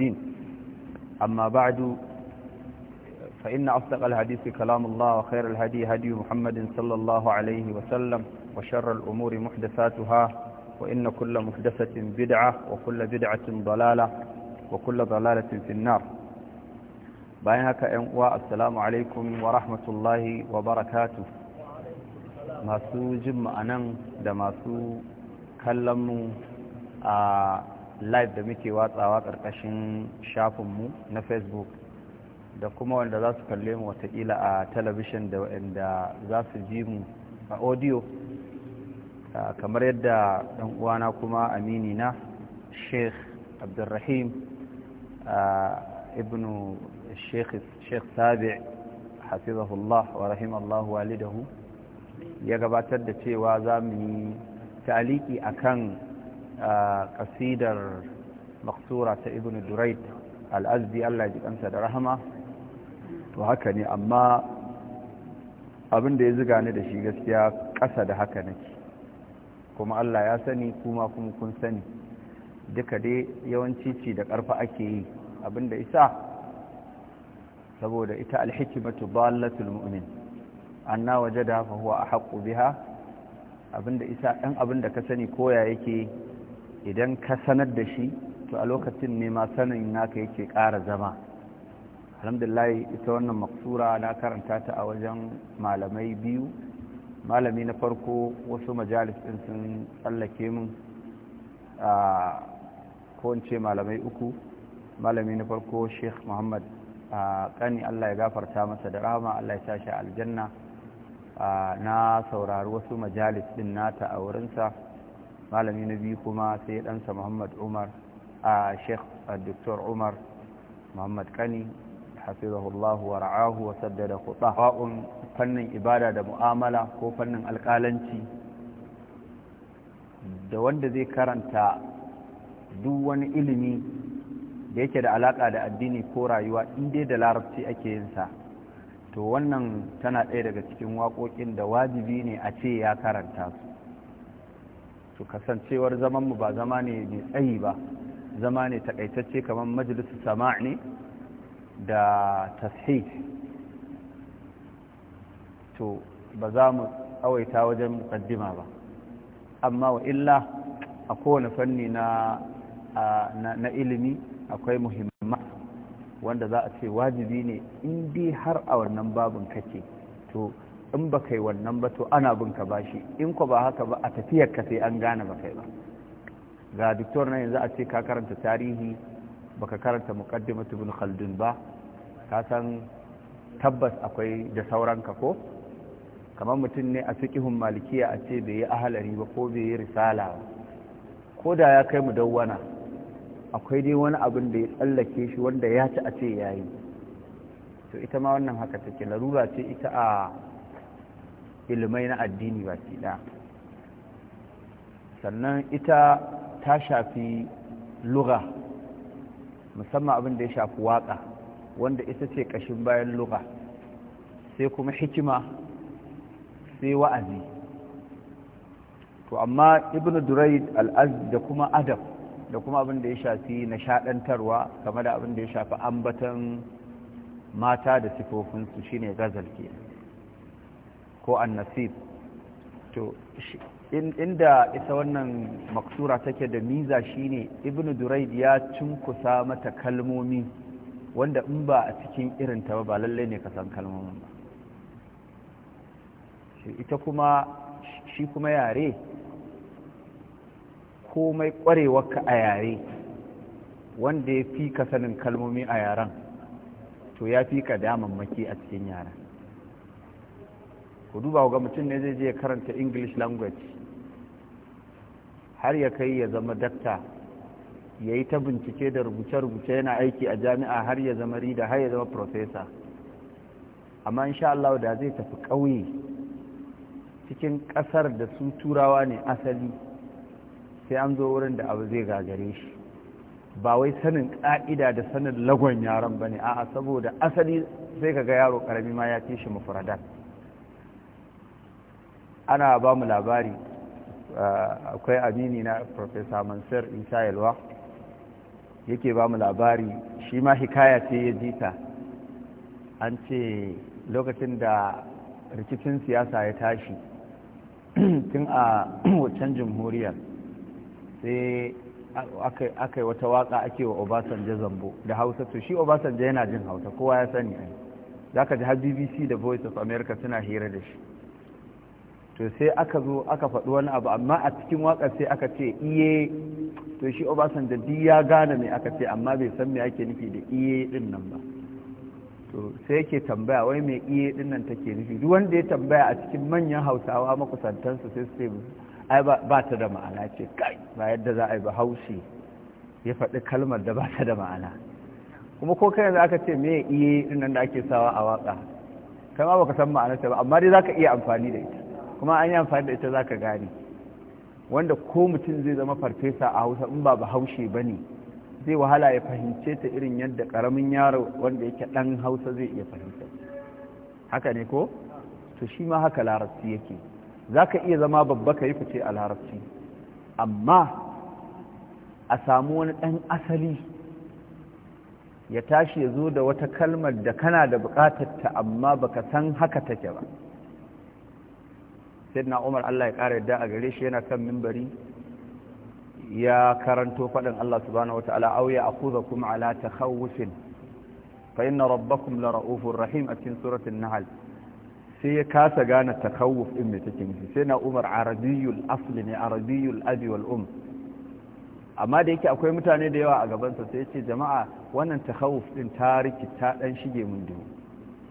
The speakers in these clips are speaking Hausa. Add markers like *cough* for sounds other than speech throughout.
الدين أما بعد فإن أصدق الحديث كلام الله وخير الهدي هدي محمد صلى الله عليه وسلم وشر الأمور محدثاتها وإن كل محدثة بدعة وكل بدعة ضلالة وكل ضلالة في النار بينك أنواء السلام عليكم ورحمة الله وبركاته ما سو جمعنا da masu kallonmu live da muke watsawa ƙarƙashin shafinmu na facebook da kuma wanda za su kalle mu watakila a talabishin da wanda za su ji mu a audio kamar yadda ɗan uwana kuma amini na sheikh abdulrahim ibn sheikh sabi hafizahullah wa rahim allahu walidahu ya gabatar da cewa za mu yi taliki akan ƙasidar maksura ta ibn durait al'azdi allah ji kansa da rahama to haka ne amma abin da ya ziga ni da shi gaskiya ƙasa da haka nake kuma allah ya sani kuma kuma kun sani duka dai yawanci ci da ƙarfa ake yi abin da isa saboda ita alhikimatu ballatul mu'min anna wajada fa huwa ahqqu biha abinda isa dan abinda ka sani koya yake idan ka sanar da shi to a lokacin ne ma sanin naka yake ƙara zama alhamdulillah ita wannan maksura na karanta ta a wajen malamai biyu malami na farko wasu majalis ɗin sun tsallake mun a kowace malamai uku malami na farko sheikh muhammad a ƙani allah ya gafarta masa da rahama allah ya tashi aljanna na saurari wasu majalis ɗin nata a wurinsa malami na biyu kuma sai ɗansa muhammad umar a sheikh dr umar muhammad kani hafizahullahu wa ra'ahu wa saddada kuɗa Wa'un fannin ibada da mu'amala ko fannin alƙalanci da wanda zai karanta duk wani ilimi da yake da alaƙa da addini ko rayuwa inda da larabci ake yinsa to wannan tana ɗaya daga cikin waƙoƙin da wajibi ne a ce ya karanta su to kasancewar zaman mu ba zama ne mai tsayi ba zama ne takaitacce kamar majalisu sama'a ne da tashih to ba za mu tsawaita wajen mukaddima ba amma wa illa a kowane fanni na na ilimi akwai muhimman wanda za a ce wajibi ne in har a wannan babin kake to in ba kai wannan ba to ana bin ka bashi in ko ba haka ba a tafiyar ka sai an gane ba kai ba ga doktor na yanzu a ce ka karanta tarihi baka karanta muqaddimatu ibn khaldun ba ka san tabbas akwai da sauran ka ko kamar mutum ne a fiqihun malikiya a ce bai yi ahalari ba ko bai yi risala ba ko da ya kai mu dawwana akwai dai wani abin da ya tsallake shi wanda ya ci a ce yayi to ita ma wannan haka take larura ce ita a ilimai na addini baki ɗaya sannan ita ta shafi lura musamman abin da ya shafi waƙa wanda ita ce ƙashin bayan lura sai kuma hikima sai wa'azi to amma ibn durayd al'az da kuma adab da kuma abin da ya shafi shaɗantarwa, game da abin da ya shafi ambatan mata da sifofinsu shine gazal kenan ko annasib to inda ita wannan maksura take da miza shine ibnu duraid ya cunkusa mata kalmomi wanda in ba a cikin irin ta ba lalle ne ka san kalmomin ba ita kuma shi kuma yare komai kwarewarka a yare wanda ya fi ka sanin kalmomi a yaren to ya fi ka damammaki a cikin yaren ku duba ga mutum ne zai je karanta english language har ya kai ya zama dakta ya yi ta bincike da rubuce-rubuce yana aiki a jami'a har ya zama rida har ya zama profesa amma insha Allah da zai tafi ƙauye cikin ƙasar da su turawa ne asali sai an zo wurin da abu zai gagare shi ba wai sanin ƙa'ida da sanin lagon yaron ba ne a'a saboda asali sai ka ga yaro ƙarami ma ya fi shi mafuradar ana ba mu labari uh, akwai amini na professor mansur isa yalwa yake ba mu labari shi ma hikaya ce ya jita an ce lokacin da rikicin siyasa ya tashi *clears throat* tun a *clears throat* waccan jamhuriyar sai aka yi wata waka ake wa obasanjo zambo da hausa to shi obasanjo yana jin hausa kowa ya sani ai za ka ji har bbc da voice of america suna hira da shi to sai aka zo aka faɗi wani abu amma a cikin waƙar sai aka ce iye to shi obasanjo duk ya gane mai aka ce amma bai san me ake nufi da iye ɗin nan ba to sai yake tambaya wai mai iye ɗin nan take nufi duk wanda ya tambaya a cikin manyan hausawa makusantansu sai su ce ai ba ta da ma'ana ce kai ba yadda za a yi ba haushi ya faɗi kalmar da ba ta da ma'ana kuma ko kai yanzu aka ce me iye ɗin nan da ake sawa a waƙa kai ma baka san ma'anarta ba amma dai zaka iya amfani da ita kuma an yi amfani da ita za ka gane wanda ko mutum zai zama farfesa a hausa in ba bahaushe ba ne zai wahala ya fahimce ta irin yadda karamin yaro wanda yake ɗan hausa zai iya fahimta haka ne ko to shi ma haka larabci yake za ka iya zama babba ka yi fice a larabci amma a samu wani ɗan asali ya tashi ya zo da wata kalmar da kana da bukatar ta amma baka san haka take ba sayyidina Umar Allah ya kare da a gare shi yana kan mimbari ya karanto faɗin Allah subhanahu wataala a ya kuma ala takhawufin fa inna rabbakum la raufur rahim a cikin suratul nahl sai ya kasa gane takhawuf din mai take shi sai na Umar arabiyul asli ne arabiyul abi wal um amma da yake akwai mutane da yawa a gabansa sai ce jama'a wannan takhawuf din ta rikita dan shige mun dubu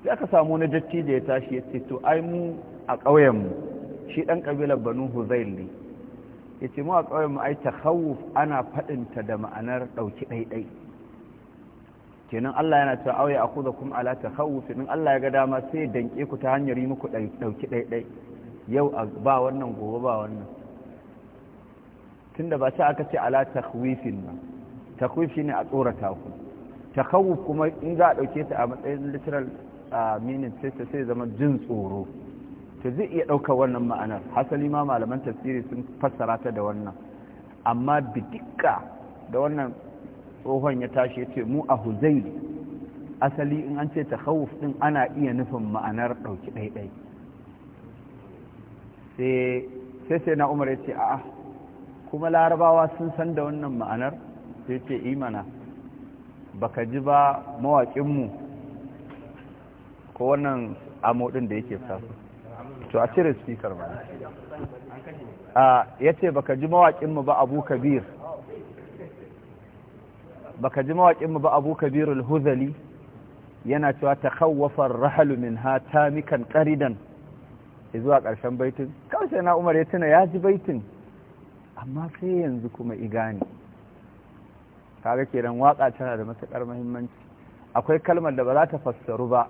sai aka samu na datti da ya tashi ya ce to ai mu a ƙauyenmu shi ɗan ƙabilar banu huzail ne ya ce mawa ƙawai mu ta takhawuf ana faɗinta da ma'anar ɗauki ɗaiɗai kenan Allah yana ta auya kuza kuma ala takhawuf in Allah ya ga dama sai ya danƙe ku ta hanyar yi muku ɗauki ɗaiɗai yau ba wannan gobe ba wannan tunda ba sai aka ce ala takhwifin ba takhwif ne a tsorata ku ta takhawuf kuma in za a ɗauke ta a matsayin literal meaning sai zama jin tsoro to zai iya ɗaukar wannan ma'anar hasali ma malaman tasiri sun fassara ta da wannan amma bidikka da wannan tsohon ya tashi ce mu a huzai asali in an ce ta tahawuf din ana iya nufin ma'anar ɗauki ɗaiɗai sai sai na umar ya ce a'a kuma larabawa sun san da wannan ma'anar sai ce imana eh baka ji ba mawaƙinmu ko wannan amo amodin da yake sasu to a cire speaker ba a yace baka ji mawakin mu ba Abu Kabir baka ji mawakin mu ba Abu Kabir al-Huzali yana cewa takhawwafa ar-rahlu minha tamikan qaridan zuwa ƙarshen baitin kawai na Umar ya tuna ya ji baitin amma sai yanzu kuma igani kaga kenan waka tana da matukar muhimmanci akwai kalmar da ba za ta fassaru ba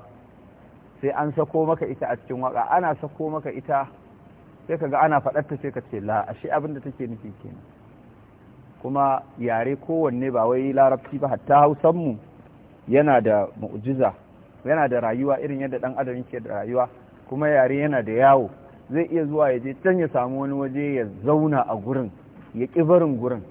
sai an sako maka ita a cikin waka ana sako maka ita sai kaga ana ta sai ka ce la ashe abin da take nufi kenan kuma yare kowanne ba wai larabci ba hatta hausan mu yana da mu'jiza yana da rayuwa irin yadda dan adam yake da rayuwa kuma yare yana da yawo zai iya zuwa ya je can ya samu wani waje ya zauna a gurin ya ƙi barin gurin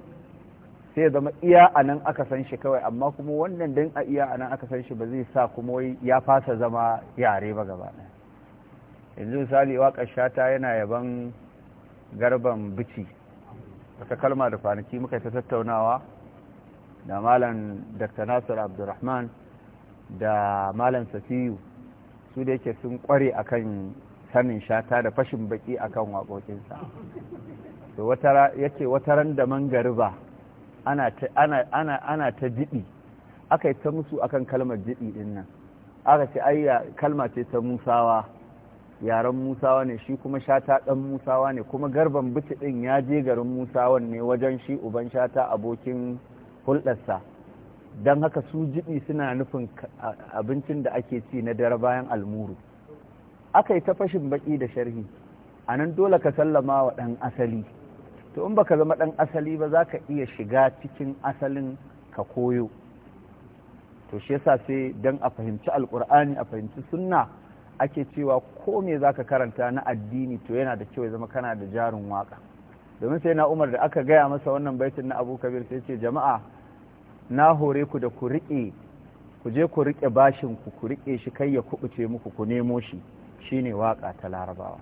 sai ya zama iya a nan aka san shi kawai amma kuma wannan dan a iya a nan aka san shi ba zai sa kuma ya fasa zama yare ba gaba yanzu misali waƙar shata yana yaban garban bici wata kalma da kwanaki muka ta tattaunawa da malam dr nasir abdulrahman da malam safiyu su da yake sun kware akan sanin shata da fashin baki akan waƙoƙinsa yake wata yake wataran da mangariba ana ta jiɗi, aka yi ta musu akan kalmar jiɗi ɗin nan aka ce ai kalma ce ta musawa yaren musawa ne shi kuma shata ɗan musawa ne kuma garban bici ɗin ya je garin musawan ne wajen shi uban shata abokin hulɗarsa don haka su jiɗi suna nufin abincin da ake ci na dare bayan almuru aka yi ta fashin baƙi da sharhi a nan dole ka sallama wa ɗan asali to in baka zama ɗan asali ba za ka iya shiga cikin asalin ka koyo to shi yasa sai don a fahimci alkur'ani a fahimci sunna ake cewa ko me za ka karanta na addini to yana da kyau ya zama kana da jarin waka domin sai na umar da aka gaya masa wannan baitin na abu kabir sai ce jama'a na hore ku da ku riƙe ku je ku riƙe bashin ku ku riƙe shi kai ya kubuce muku ku nemo shi shine waka ta larabawa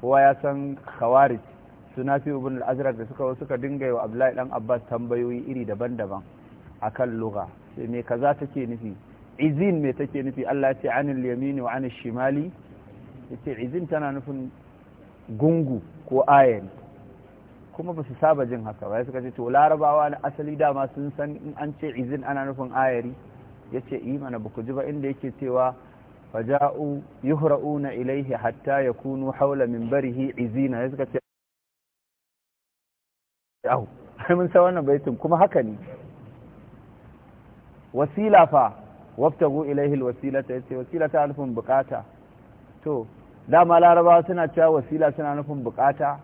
kowa ya san khawarij sunafi ibn al-azraq da suka suka dinga wa abdullahi dan abbas tambayoyi iri daban-daban akan lugha sai me kaza take nufi izin me take nufi Allah ya ce anil yamini wa anil shimali yace izin tana nufin gungu ko ayan kuma ba su saba jin haka ba suka ce to larabawa na asali dama sun san in an ce izin ana nufin ayari yace imana ba ku ji ba inda yake cewa faja'u yuhra'una ilaihi hatta yakunu haula minbarihi izina suka ce yahu mun san wannan baitin kuma haka ne wasila fa waftagu ilaihi alwasilata yace wasilata alfun bukata to dama laraba suna cewa wasila suna nufin bukata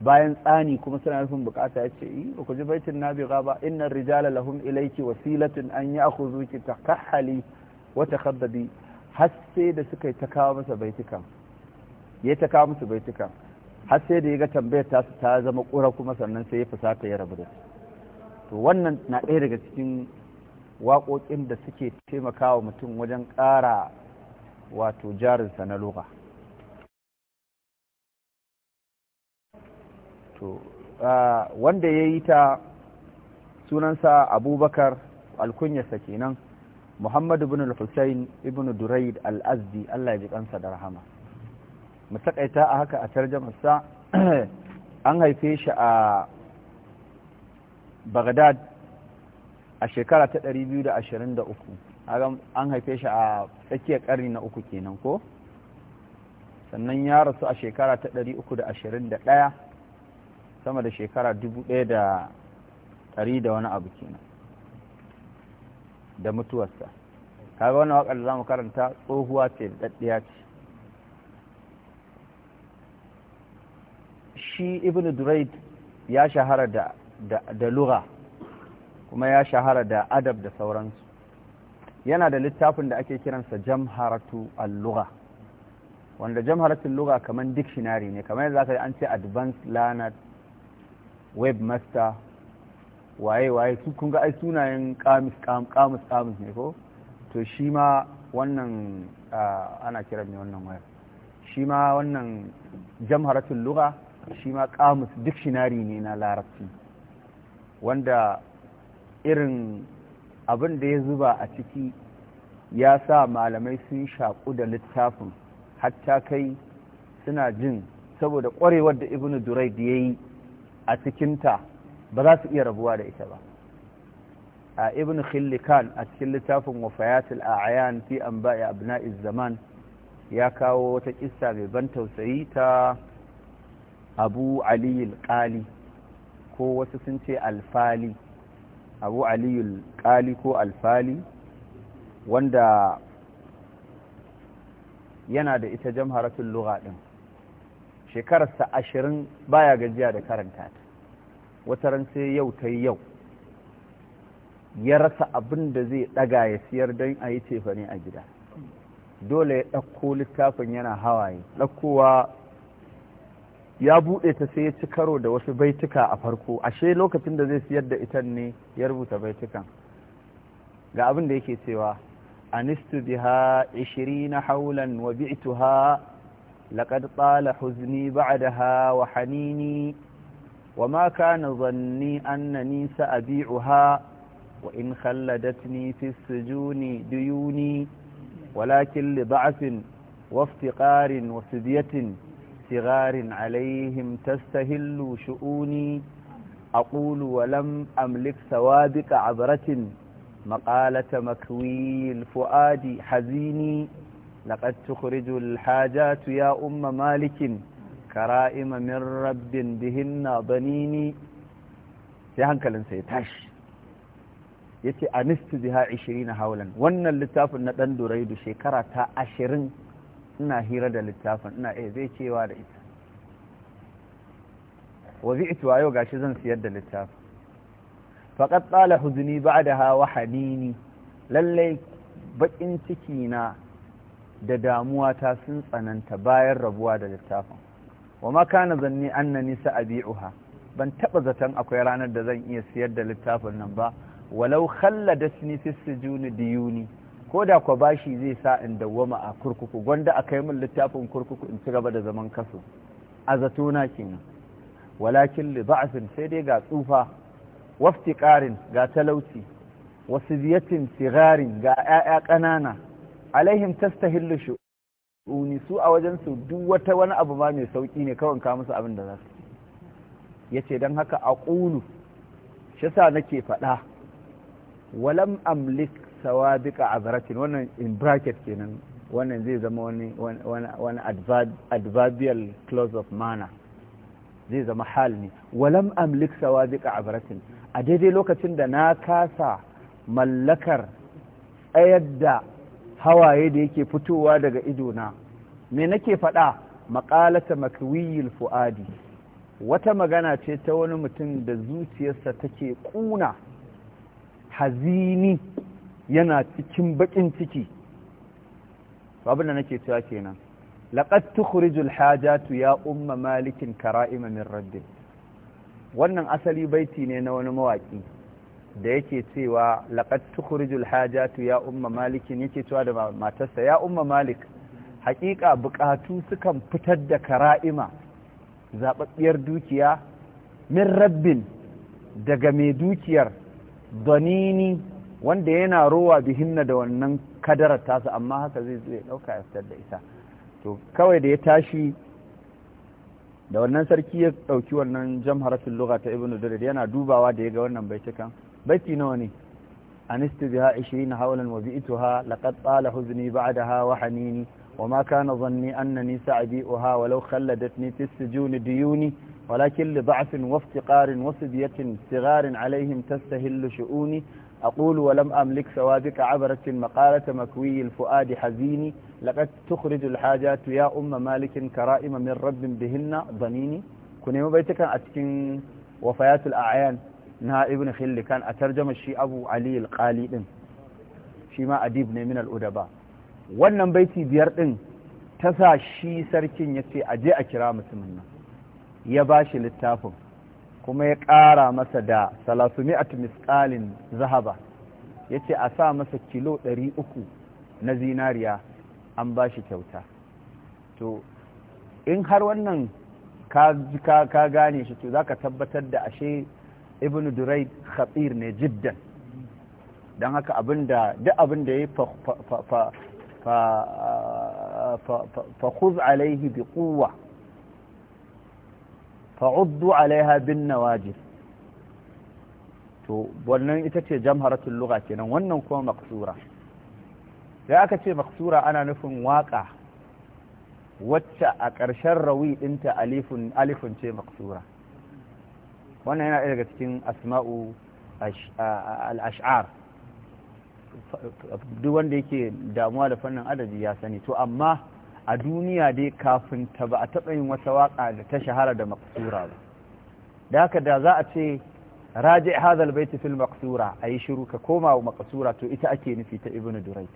bayan tsani kuma suna nufin bukata yace yi eh, ba ku ji baitin nabiga ba inna rijala lahum ilayki wasilatan an ki takahhali wa takhaddabi har sai da suka yi ta kawo masa baitukan ya ta kawo masa baitukan har sai da ya ga tambayar ta ta zama ƙura kuma sannan sai ya fusata ya rabu da su to wannan na ɗaya daga cikin waƙoƙin da suke taimakawa mutum wajen ƙara wato jarinsa na lura to wanda ya yi ta sunansa abubakar alkunyarsa kenan muhammadu bin al-hussein ibn duraid al-azdi allah ya ji kansa da rahama mu takaita a haka a sa *clears throat* an haife shi a Baghdad a shekara ta 223 an haife shi a tsakiyar ƙarni na uku kenan ko sannan ya rasu a shekara ta 321 sama da shekara 1100 da da wani abu kenan da mutuwarsa kaga wani waƙar da za mu karanta tsohuwa ce da daddiya ce shi ibn duraid ya shahara da da lugha kuma ya shahara da adab da sauransu yana da littafin da ake kiransa jamharatu al-lugha wanda al lugha kaman dictionary ne kamar yadda zaka an ce advanced learner webmaster waye waye su kun ga ai sunayen kamus kamus kamus ne ko to shi ma wannan ah, ana kiran ne wannan waya shi ma wannan jamharatul lugha shi ma kamus duk shinari ne na larabci wanda irin abin da ya zuba a ciki ya sa malamai sun shaƙu da littafin hatta kai suna jin saboda ƙwarewar da ibn duraid ya yi a cikinta ba za su iya rabuwa da ita ba a ibn khillikan a cikin littafin wafayatul a'yan fi abu abna'iz zaman ya kawo wata kissa mai ban tausayi ta abu aliyul ƙali ko wasu sun ce alfali abu aliyul ƙali ko alfali wanda yana da ita jamharatun lugha ɗin shekararsa ashirin baya gajiya da karanta ta wata ran sai yau ta yau ya rasa abin da zai ɗaga ya siyar don a yi cefane a gida dole ya ɗauko littafin yana hawaye ɗaukowa ya buɗe ta sai ya ci karo da wasu baituka a farko ashe lokacin da zai siyar da ita ne ya rubuta baitukan ga abin da yake cewa anistu biha 20 haulan wa bi'tuha laqad tala huzni ba'daha wa hanini ha wa in kalla wa وإن juni في السجون ديوني ولكن ƙarin وافتقار biyatin. صغار عليهم تستهل شؤوني أقول ولم أملك سوابق عبرة مقالة مكوي الفؤاد حزيني لقد تخرج الحاجات يا أم مالك كرائم من رب بهن ضنيني سيهنك لنسي تاش yace anistu biha 20 haulan wannan littafin na dan duraidu shekara ta 20 ina hira da littafin ina eh zai cewa da ita wazi'tu yau gashi zan siyar da littafin tsala tala ba da hawa hanini lallai bakin ciki na da damuwa ta sun tsananta bayan rabuwa da littafin wa ma kana zanni biyu sa'abi'uha ban taba zaton akwai ranar da zan iya siyar da littafin nan ba walau khalladatni fi da diyuni ko da kwa bashi zai sa in dawwama a kurkuku gwanda a kai min littafin kurkuku in ci gaba da zaman kaso a zatona kenan walakin li ba'sin sai dai ga tsufa waftiqarin ga talauci wasu ziyatin sigarin ga 'ya'ya ƙanana alaihim tastahillu uni su a wajen su duk wata wani abu ma mai sauki ne kawai ka musu abin da za su yace dan haka aqulu shi sa nake faɗa walam amlik sawabiqa azratin wannan in bracket kenan wannan zai zama wani wani adverbial clause of manner zai zama hal ne walam amlik sawabiqa azratin a daidai lokacin da na kasa mallakar tsayar da hawaye da yake fitowa daga idona me nake faɗa maƙalata makwiyil fu'adi wata magana ce ta wani mutum da zuciyarsa take ƙuna hazini yana cikin bakin ciki babu da nake cewa kenan laqad tukhrijul hajatu ya umma malikin kara'ima min raddin wannan asali baiti ne na wani mawaki da yake cewa laqad tukhrijul hajatu ya umma malikin yake cewa da matarsa ya umma malik haƙiƙa buƙatu sukan fitar da kara'ima zaɓaɓɓiyar dukiya min rabbin daga mai dukiyar donini wanda yana rowa bihinna da wannan kadarar tasa amma haka zai zai dauka ya fitar da ita to kawai da ya tashi da wannan sarki ya dauki wannan jamharatul lugha ta ibnu durid yana dubawa da ya ga wannan kan baki nawa ne anistu biha 20 hawlan wa bi'tuha laqad tala huzni ba'daha wa hanini وما كان ظني أنني سأبيئها walakin خلدتني في السجون ديوني ولكن لضعف وافتقار وصبية صغار عليهم تستهل شؤوني أقول ولم أملك سوادك عبرت مقالة مكوي الفؤاد حزيني لقد تخرج الحاجات يا أم مالك كرائم من رب بهن ضنيني كنيم بيتك أتكن وفيات الأعيان نها ابن خل كان أترجم الشي أبو علي القالي شي ما أديبني من الأدباء al'udaba wannan baiti biyar ɗin ta sa shi sarkin ya ce aje a kira mutumin nan ya littafin kuma ya ƙara masa da salasumi'at miskalin zahaba ya ce a sa masa kilo ɗari uku na zinariya an ba shi kyauta to in har wannan ka gane shi to za ka tabbatar da ashe ibn durai ne jiddan don haka duk abin da ya fa khuz alaihi bi quwwa fa'uddu alaiha bin nawajir to wannan ita ce jamharatul lugha kenan wannan kuma maksura sai aka ce maksura ana nufin waka wacce a ƙarshen rawi ɗinta alifin ce maksura wannan yana daga cikin asma'u al-ash'ar duk wanda yake damuwa da fannin adadi ya sani to amma a duniya dai kafin ta ba a taɓa yin wata waƙa da ta shahara da maƙsura ba da haka da za a ce raje hadal baiti fil maqsura ayi shiru ka koma wa maqsura to ita ake nufi ta ibn duray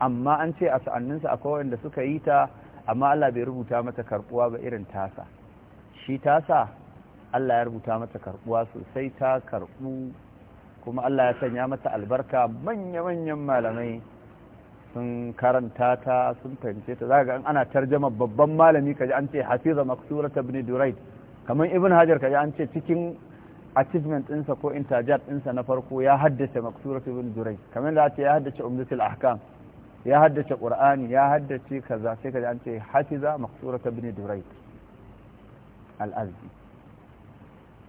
amma an ce a sa'anninsa akwai wanda suka yi ta amma Allah bai rubuta mata karbuwa ba irin tasa shi tasa Allah ya rubuta mata karbuwa sosai ta karbu kuma Allah ya sanya mata albarka manya-manyan malamai sun karanta ta sun fahimce ta za ga ana tarjama babban malami kaji an ce hafiza maksura ta bin duraid kamar ibn hajar kaji an ce cikin achievement ɗinsa ko intajat ɗinsa na farko ya haddace maksura ta bin duraid kamar da ce ya haddace umdatul ahkam ya haddace qur'ani ya haddace kaza sai kaji an ce hafiza maksura ta bin duraid al-azdi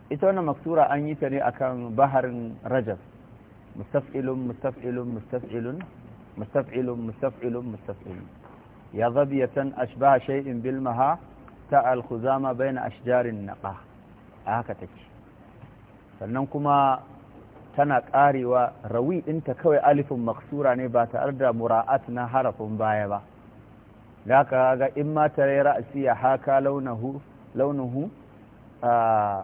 ita wannan maksura an yi ta ne akan baharin rajab mustaf'ilun mustaf'ilun mustaf'ilun مستفعل مستفعل مستفعل يا ظبية أشبه شيء بالمها تاء الخزامة بين أشجار النقاة هكذا sannan kuma tana karewa rawi ɗinta kawai alifin maksura ne ba tare da mura'at na harafin baya ba da ka ga in ma tare ra'asi ya haka launahu launuhu a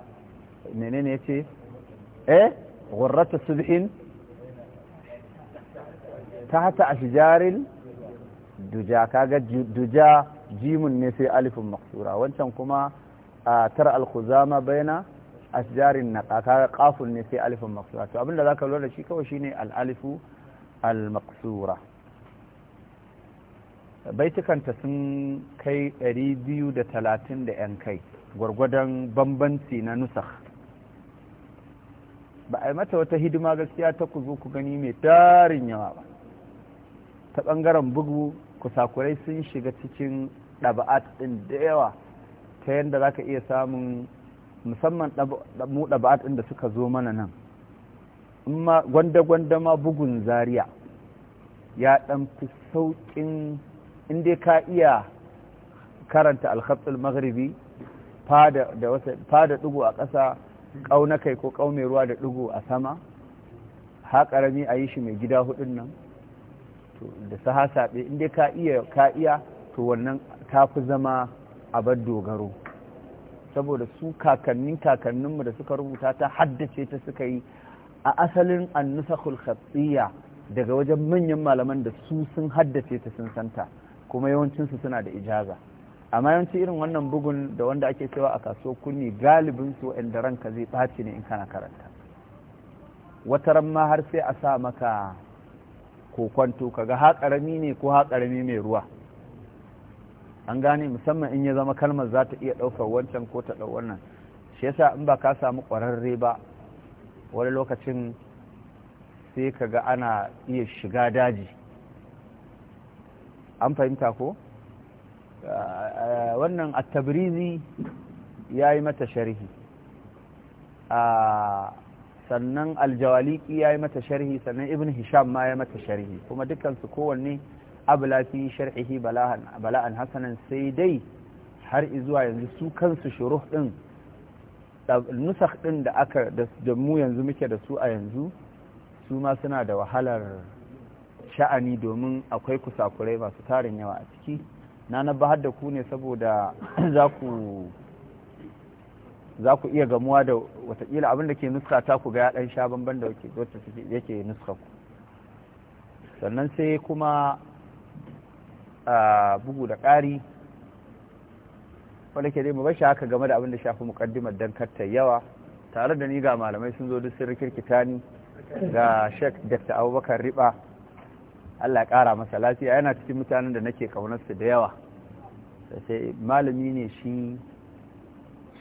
tahta ashjaril duja kaga duja jimun ne sai alifin maksura wancan kuma a tar alkhuzama baina ashjarin naqa kaga qafun ne sai alifin maksura to abinda zaka lura da shi kawai shine al alifu al baitukanta sun kai 230 da talatin da yan kai gwargwadon bambanci na nusakh ba a yi mata wata hidima gaskiya ta ku ku gani mai tarin yawa ba ta ɓangaren bugu kusakurai sun shiga cikin ɗaba'at ɗin da yawa ta yadda za ka iya samun musamman mu ɗaba'at ɗin da suka zo mana nan gwanda-gwanda ma bugun zariya ya ɗan fi sauƙin inda ka iya karanta alkhatsul magharibi fada ɗigo a ƙasa ƙaunakai ko ƙaume ruwa da ɗugu a sama haƙarami a yi shi mai gida hudun nan da sahasaɓe inda ka iya ka iya to wannan ta fi zama abar dogaro saboda su kakannin kakanninmu da suka rubuta ta haddace ta suka yi a asalin annusakul khatiyya daga wajen manyan malaman da su sun haddace ta sun santa kuma yawancinsu suna da ijaza amma yawanci irin wannan bugun da wanda ake cewa a kaso kunni galibin su inda ranka zai ɓaci ne in kana karanta wataran ma har sai a sa maka Ko kwanto kaga haƙarami ne ko haƙarami mai ruwa an gane musamman in ya zama kalmar za ta iya ɗaukar wancan ko ta ɗau wannan shi yasa in ba ka samu ƙwararre ba wani lokacin sai kaga ana iya shiga daji an fahimta ko ah, wannan attabrizi ya yi mata sharhi ah, sannan aljawaliki ya yi mata sharhi sannan ibn hisham ma ya mata sharhi kuma dukansu kowanne abulafi fi sharhihi bala'an hasanan sai dai har zuwa yanzu su kansu shuruh din nusakh din da aka da mu yanzu muke da su a yanzu su ma suna da wahalar sha'ani domin akwai kusakurai masu tarin yawa a ciki na na bahar da ku ne saboda za ku za ku iya gamuwa da watakila abin da ke nuska ta ku ga ɗan sha da yake nuska ku sannan sai kuma a bugu da ƙari wadda ke dai bashi haka game da abin da shafi mukaddimar don karta yawa tare da ni ga malamai sun zo duk sun rikirkita ni ga shek dr abubakar riba allah ƙara masa lafiya yana cikin mutanen da nake kaunarsu da yawa sai malami ne shi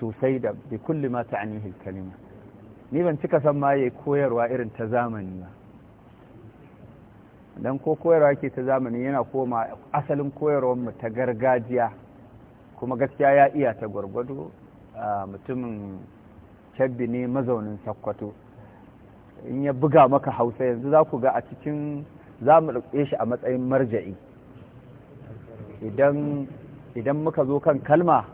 sosai da bi kulli ma ta'anihi kalima ni ban cika san ma yayi koyarwa irin ta zamani ba dan ko koyarwa ke ta zamani yana koma asalin koyarwar mu ta gargajiya kuma gaskiya ya iya ta gwargwado mutumin cabbi ne mazaunin sakkwato in ya buga maka hausa yanzu za ku ga a cikin za mu ɗauke shi a matsayin marja'i idan muka zo kan kalma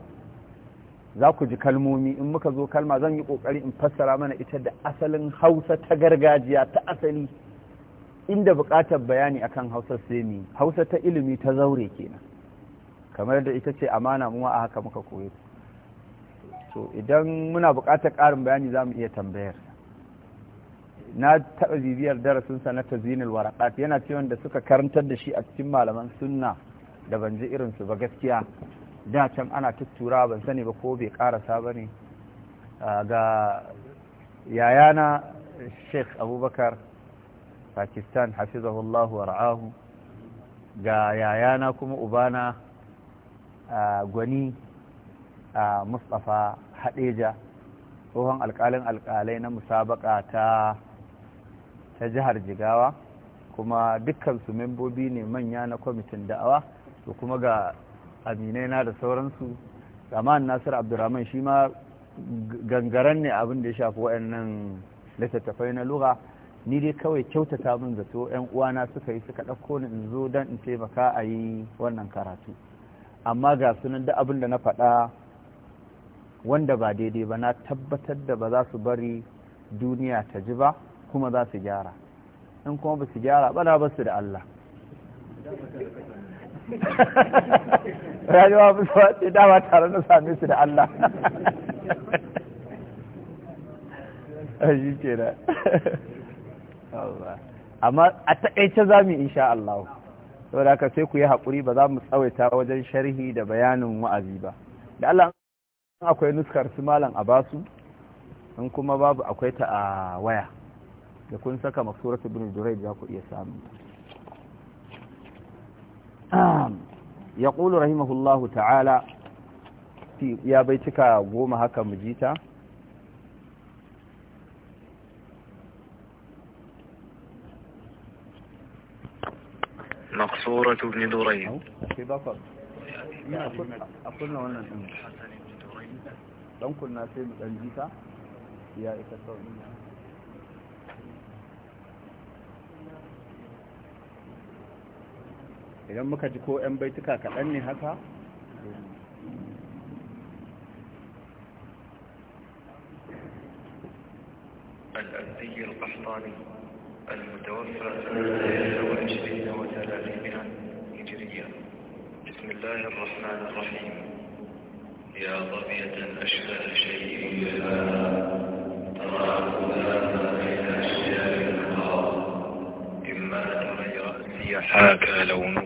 za ku ji kalmomi in muka zo kalma zan yi ƙoƙari in fassara mana ita da asalin hausa ta gargajiya ta asali inda buƙatar bayani akan hausa sai mu hausa ta ilimi ta zaure kenan kamar da ita ce amana mu a haka muka koyo to idan muna buƙatar ƙarin bayani za mu iya tambayar na taɓa bibiyar darasinsa na tazinul warakat yana ciwon da suka karantar da shi a cikin malaman sunna da ban ji irinsu ba gaskiya da can ana tuttura ban sani ba ko bai karasa ba ne ga yayana sheikh abubakar pakistan hafizahullahu wa ra'ahu ga yayana kuma ubana gwani a mustapha hadeja tsohon alkalin alkalai na musabaka ta ta jihar jigawa kuma dukkan su membobi ne manya na kwamitin da'awa to kuma ga aminaina da sauransu zaman nasir abdurrahman shi ma gangaren ne abin da ya shafi waɗannan littattafai na lura ni dai kawai kyautata min zato yan uwana suka yi suka ɗauko ni in zo don in taimaka a yi wannan karatu amma ga sunan da abin da na faɗa wanda ba daidai ba na tabbatar da ba za su bari duniya ta ji ba kuma za su gyara in kuma ba su gyara ba na basu da Allah *laughs* rayuwa musuwa ce dama tare na same su da Allah *laughs* ke da *laughs* amma a taƙaice za mu insha Allah saboda haka sai ku yi haƙuri ba za mu tsawaita wajen sharhi da bayanin wa'azi ba da Allah akwai nuskar su malam a basu in kuma babu akwai ta a waya da kun saka maksuratul bin durai za ku iya samun يقول رحمه الله تعالى في يا بيتك قوم هكا مجيتا مقصورة ابن درين في بطل إيه، الحسن ابن نعم لو كنا سيد الجيتا يا إكتر idan muka ji ko 'yan baituka kaɗan ne haka الأبدي القحطاني المتوفى سنة 23 و هجرية بسم الله الرحمن الرحيم يا ضبية أشبه شيء بها تراه ذاك إلى الأرض إما تري رأسي حاكى لونه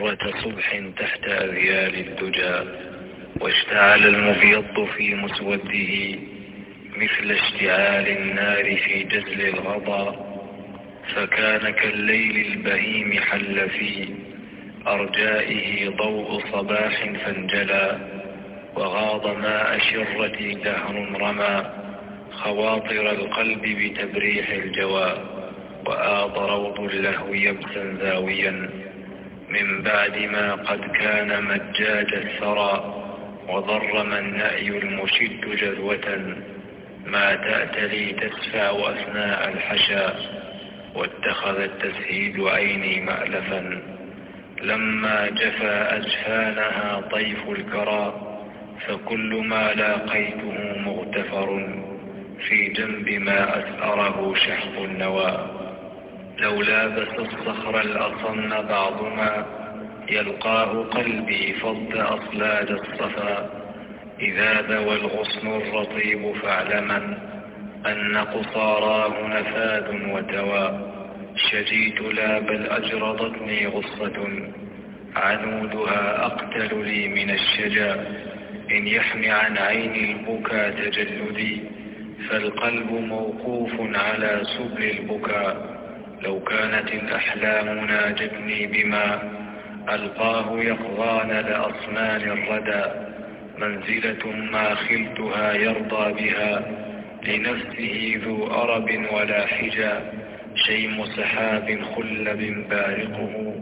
ذرة صبح تحت أذيال الدجى واشتعل المبيض في مسوده مثل اشتعال النار في جزل الغضا فكان كالليل البهيم حل في أرجائه ضوء صباح فانجلى وغاض ماء شرة دهر رمى خواطر القلب بتبريح الجوى وآض روض اللهو يبسا زاويا من بعد ما قد كان مجاج الثرى وضرم النأي المشد جذوة ما تأتلي تدفع أثناء الحشا واتخذ التسهيد عيني مألفا لما جفى أجفانها طيف الكرى فكل ما لاقيته مغتفر في جنب ما أثأره شحط النوى لو لابس الصخر الأصن بعضما يلقاه قلبي فض أصلاد الصفا إذا ذوى الغصن الرطيب فاعلما أن قصاراه نفاد ودواء شجيت لا بل أجرضتني غصة عنودها أقتل لي من الشجا إن يحمي عن عيني البكا تجلدي فالقلب موقوف على سبل البكاء لو كانت الأحلام ناجتني بما ألقاه يقضان لأصنان الردى منزلة ما خلتها يرضى بها لنفسه ذو أرب ولا حجى شيم سحاب خلب بارقه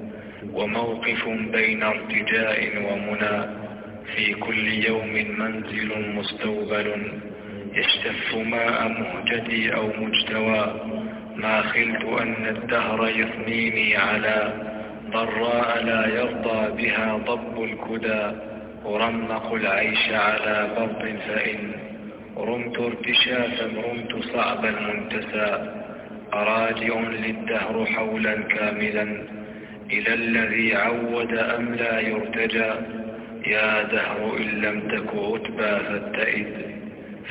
وموقف بين ارتجاء ومنى في كل يوم منزل مستوبل يشتف ماء مهجتي أو مجتوى ما خلت أن الدهر يثنيني على ضراء لا يرضى بها ضب الكدى أرمق العيش على برض فإن رمت ارتشافا رمت صعبا منتسى أراجع للدهر حولا كاملا إلى الذي عود أم لا يرتجى يا دهر إن لم تك عتبى فاتئذ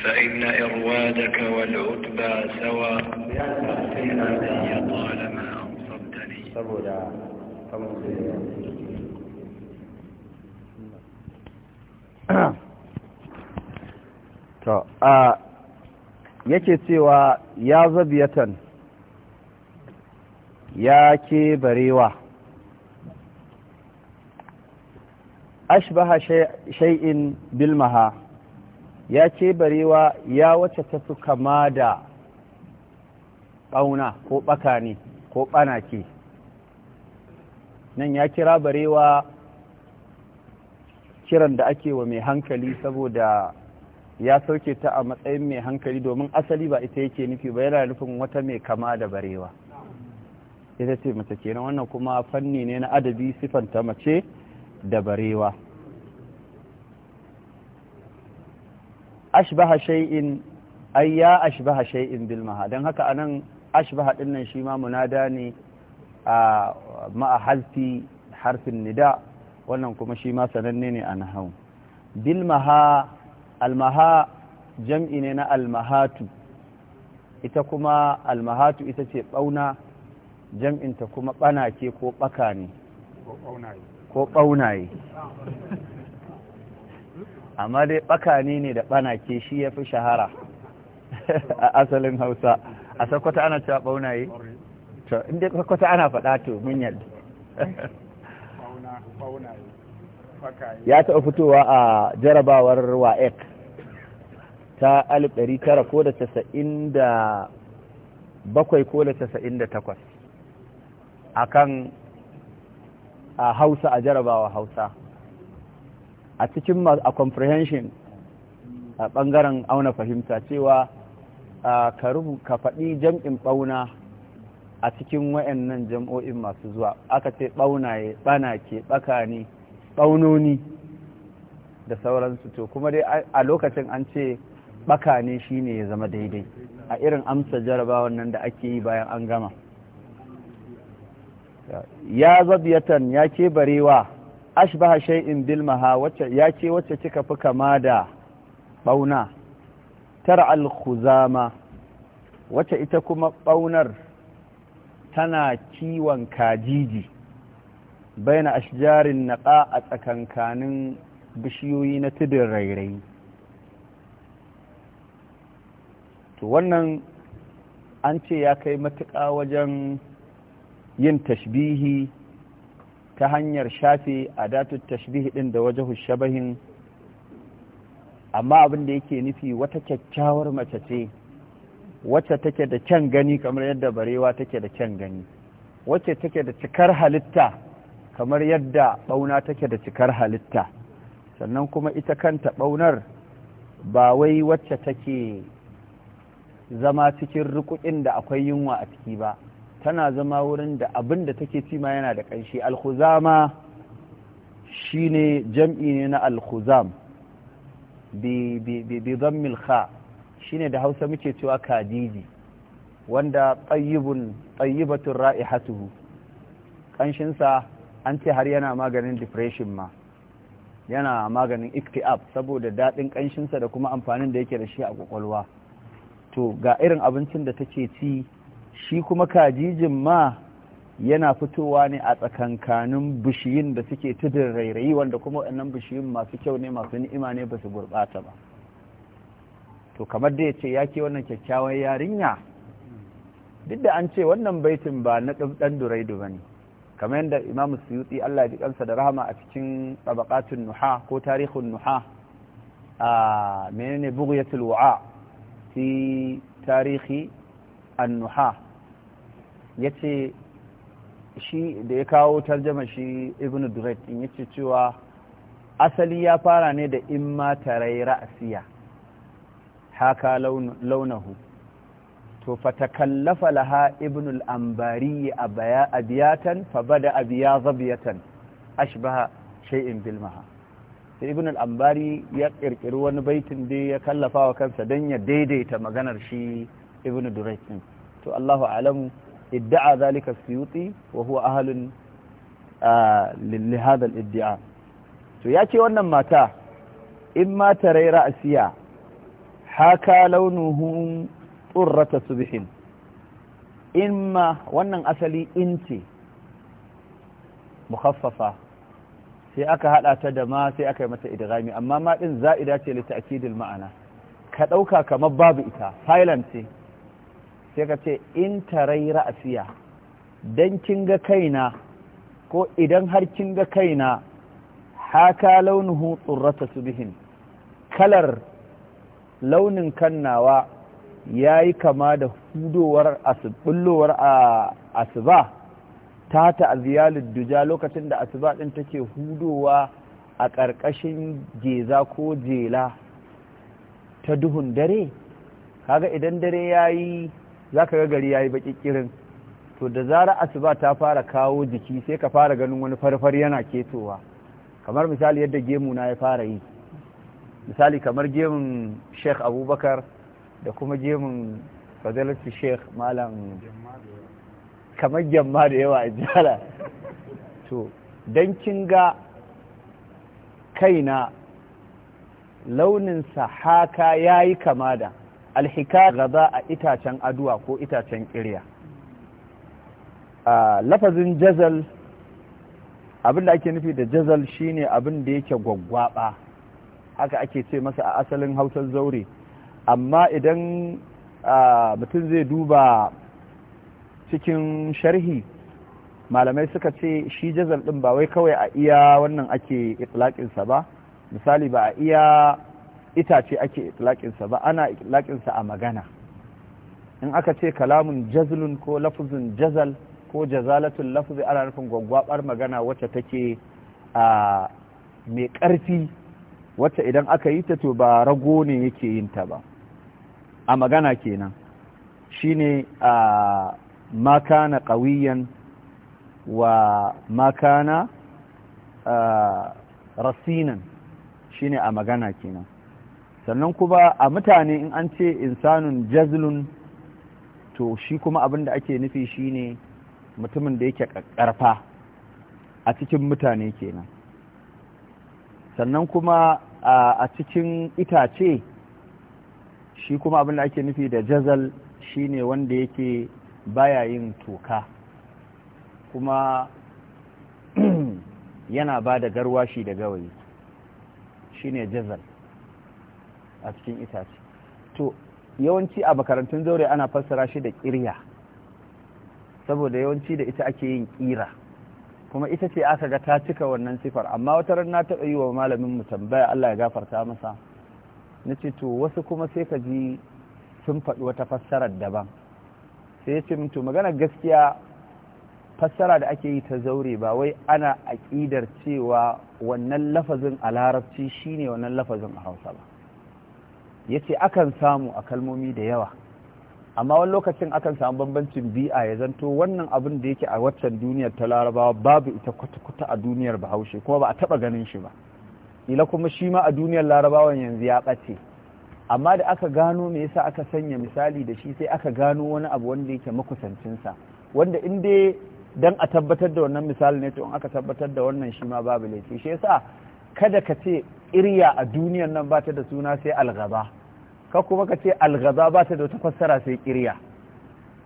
فإن إروادك والعتبى سوى يا طالما أنصبتني *coughs* to a yake cewa ya zabiyatan ya ke barewa ashbaha shay'in bilmaha ya ce barewa ya wace ta fi kama da ɓauna ko ɓaka ne ko ɓanake nan ya kira barewa kiran da ake wa mai hankali saboda ya sauke ta a matsayin mai hankali domin asali ba ita yake nufi ba yana nufin wata mai kama da barewa ita ce mace kenan wannan kuma fanni ne na adabi sifanta mace da barewa ashbaha shay'in ay ya ashbaha shay'in bil maha dan haka anan ashbaha din nan shi ma munada ne a ma hazfi harfin nida wannan kuma shi ma sananne ne a nahau bil maha al maha jam'i ne na al mahatu ita kuma al mahatu ita ce bauna jam'inta kuma bana ce ko baka ne ko ɓaunaye *laughs* amma dai bakani ne da ke shi ya fi shahara *laughs* a asalin hausa a sakwata ana cewa ɓaunaye to inda sakwata ana faɗa to mun yadda ya taɓa fitowa a jarabawar wa'ek ta 1900 ko da 97 ko da 98 akan a hausa a jarabawa hausa a cikin a comprehension a ɓangaren auna fahimta cewa ka faɗi jam'in ɓauna a cikin wayannan jam'o'in masu zuwa aka ce ɓaunaye ɓanake ɓakani ɓaunoni da sauransu to kuma dai a lokacin an ce shi shine ya zama daidai a irin amsa jarabawan nan da ake yi bayan an gama ya zabiyatan ya ke barewa ashbaha shay'in bil maha wacce yace wacce kika fi kama da bauna tar al khuzama wacce ita kuma baunar tana kiwon kajiji baina ashjarin naqa a tsakankanin bishiyoyi na tudun rairayi to wannan an ce ya kai matuƙa wajen yin tashbihi ta hanyar shafe datun tashbih ɗin da waje hushabahin amma abin da yake nufi wata kyakkyawar mace ce wacce take da kyan gani kamar yadda barewa take da kyan gani wacce take da cikar halitta kamar yadda ɓauna take da cikar halitta sannan kuma ita kanta ɓaunar ba wai wacce take zama cikin rukukin da akwai yunwa a ciki ba tana zama wurin da abin da take ci ma yana da ƙanshi alkhuzama shine jam'i ne na alkhuzam bi bi dhammil kha shine da Hausa muke cewa kadiji wanda tayyibun tayyibatur ra'ihatuhu ƙanshin sa an ce har yana maganin depression ma yana maganin iktiab saboda daɗin ƙanshinsa da kuma amfanin da yake da shi a ƙwaƙwalwa to ga irin abincin da take ci shi kuma kajijin ma yana fitowa ne a tsakankanin bishiyun da suke tudun rairayi wanda kuma waɗannan bishiyun masu kyau ne masu ni'ima ne ba su gurɓata ba to kamar da ya ce ya ke wannan kyakkyawan yarinya duk da an ce wannan baitin ba na ɗan duraidu ba ne kamar yadda imamu suyuti allah ya ji kansa da rahama a cikin ɗabaƙatun nuha ko tarihin nuha a menene bugu ya fi tarihi an nuha ya ce shi da ya kawo tarjama shi ibn durek in yace cewa asali ya fara ne da in ma tarai ra'asiya haka launahu to fatakallafa laha ibn al'ambari a biyatan fabada a biya zabiyatan ashbaha shay'in bilmaha sai ibn Ambari ya ƙirƙiri wani baitin da ya kallafa wa kansa dan ya daidaita maganar shi ibn durek to allahu alamu idda'a zalika suyuti wa huwa ahlun li hadha to yace wannan mata in ma tarai asiya haka launuhu turrata subhin in ma wannan asali in ce mukhaffafa sai aka hada ta da ma sai aka yi mata idghami amma ma din za'ida ce li ta'kidil ma'ana ka dauka kamar babu ita silent ce sai ka ce in tarai ra'asiya dan kin ga kaina ko idan har kin ga kaina haka launuhu tsurrata bihin kalar launin kannawa ya yi kama da hudowar asubullowar a asuba ta ta'aziyalud duja lokacin da asuba ɗin take hudowa a ƙarƙashin geza ko jela ta duhun dare kaga idan dare ya yi za ka gari ya yi baƙi ƙirin to da zara asuba ta fara kawo jiki sai ka fara ganin wani farfar yana ketowa kamar misali yadda gemu na ya fara yi misali kamar gemun sheikh abubakar da kuma gemun fadalatu sheikh malam kamar gemma da yawa a jihara to don kin ga kaina launinsa haka ya yi kama da alhika gaza a itacen aduwa ko itacen kirya lafazin jazal abinda ake nufi da jazal shine abin da yake gwaggwaba haka ake ce masa a asalin hausar zaure amma idan mutum zai duba cikin sharhi malamai suka ce shi jazal din ba wai kawai a iya wannan ake itlaƙinsa ba misali ba a iya itace ake itlaƙinsa ba ana itlaƙinsa a magana in aka ce kalamun jazlun ko lafuzin jazal ko jazalatul lafuzi ana nufin gwaggwabar magana wacce take a mai ƙarfi wacce idan aka yi ta to ba rago ne yake yin ta ba a magana kenan shine a na ƙawiyan wa na rasinan shine a magana kenan sannan kuma a mutane in an ce insanun jazlun to shi kuma abin da ake nufi shi ne mutumin da yake karfa a cikin mutane kenan sannan kuma a cikin itace shi kuma abin da ake nufi da jazal shi ne wanda yake baya yin toka kuma *clears throat* yana ba da garwashi da gawayi shi ne jazal a cikin itace to yawanci a makarantun zaure ana fassara shi da kirya saboda yawanci da ita ake yin kira kuma ita ce aka ga ta cika wannan sifar amma wata ran na taɓa yi wa malamin mu tambaya Allah ya gafarta masa na ce to wasu kuma sai ka ji sun faɗi wata fassarar daban sai ya ce to magana gaskiya fassara da ake yi ta zaure ba wai ana aƙidar cewa wannan lafazin a larabci shine wannan lafazin a hausa ba ya ce akan samu a kalmomi da yawa amma wani lokacin akan samu bambancin bi'a ya zanto wannan abin da yake a waccan duniyar ta larabawa babu ita kwata-kwata a duniyar bahaushe kuma ba a taba ganin shi ba ila kuma shi ma a duniyar larabawan yanzu ya ɓace amma da aka gano me yasa aka sanya misali da shi sai aka gano wani abu wanda yake makusancinsa wanda in dai dan a tabbatar da wannan misali ne to in aka tabbatar da wannan shi ma babu laifi shi yasa kada ka ce irya a duniyan nan ba ta da suna sai algaba ka kuma ka ce algaba ba ta da wata fassara sai kirya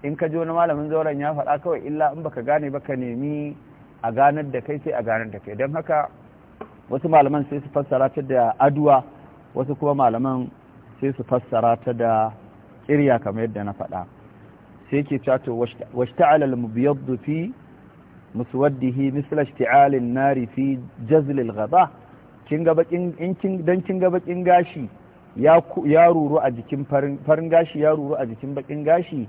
in ka ji wani malamin zauren ya faɗa kawai illa in baka gane ba ka nemi a ganar da kai sai a ganar da kai don haka wasu malaman sai su fassara ta da aduwa wasu kuma malaman sai su fassara ta da kirya kamar yadda na faɗa sai ke cato washta'ala al-mubyaddu fi muswaddihi misla ishti'alin nari fi al-gaba. kin ga bakin gashi ya ruru a jikin farin gashi ya ruru a jikin bakin gashi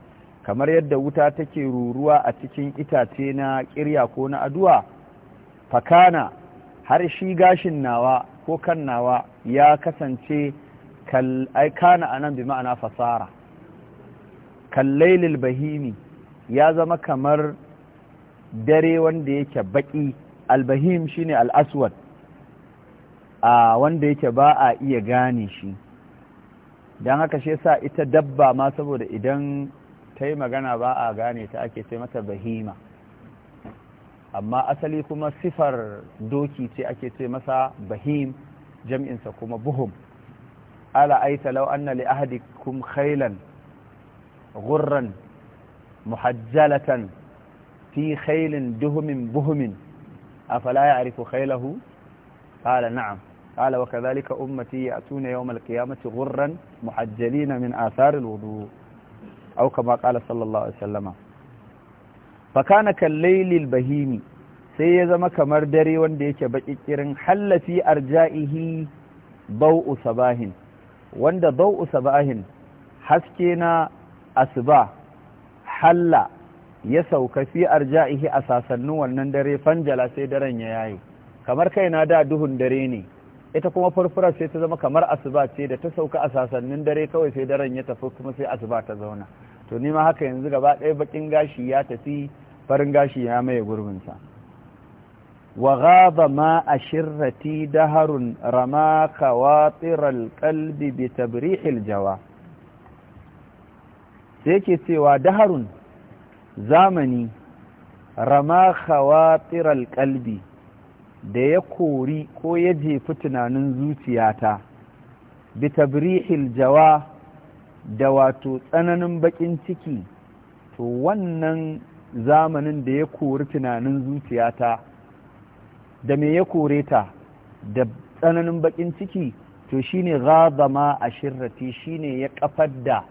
kamar yadda wuta take ruruwa a cikin itace na kirya ko na addua fakana har shi gashin nawa ko kan nawa ya kasance kana anan nan bi ma'ana fasara kallailil bahimi ya zama kamar dare wanda yake baƙi albahim shine al aswad a wanda yake ba a iya gane shi don haka shi sa ita dabba ma saboda idan ta yi magana ba a gane ta ake ce mata bahima amma asali kuma sifar doki ce ake ce masa bahim jam'insa kuma buhum ala aita lau na li kum khailan fi khailin duhumin buhumin a falaye a يعرف khailahu قال na'am. قال وكذلك أمتي يأتون يوم القيامة غرا محجلين من آثار الوضوء أو كما قال صلى الله عليه وسلم فكان كالليل البهيم سيزم كمردري وانديك بككر حل في أرجائه ضوء صباه وند ضوء صباه حسكنا أسباه حل يسوك في أرجائه أساسا نوال نندري فانجلا سيدرا ياي kamar kaina da duhun dare ne ita kuma furfura sai ta zama kamar asuba ce da ta sauka a sasannin dare kawai sai daren ya tafi kuma sai asuba ta zauna to nima haka yanzu gaba ɗaya bakin gashi ya tafi farin gashi ya maye gurbinsa wa gaba ma ashirrati daharun rama kawatiral kalbi bi tabrihil jawa sai ke cewa daharun zamani rama kawatiral kalbi. da ya kori ko ya jefi tunanin zuciyata bi tabrihil jawa da wato tsananin bakin ciki to wannan zamanin da ya kori tunanin zuciyata da me ya kore ta da tsananin bakin ciki to shine ghadama ashirati shine ya kafar da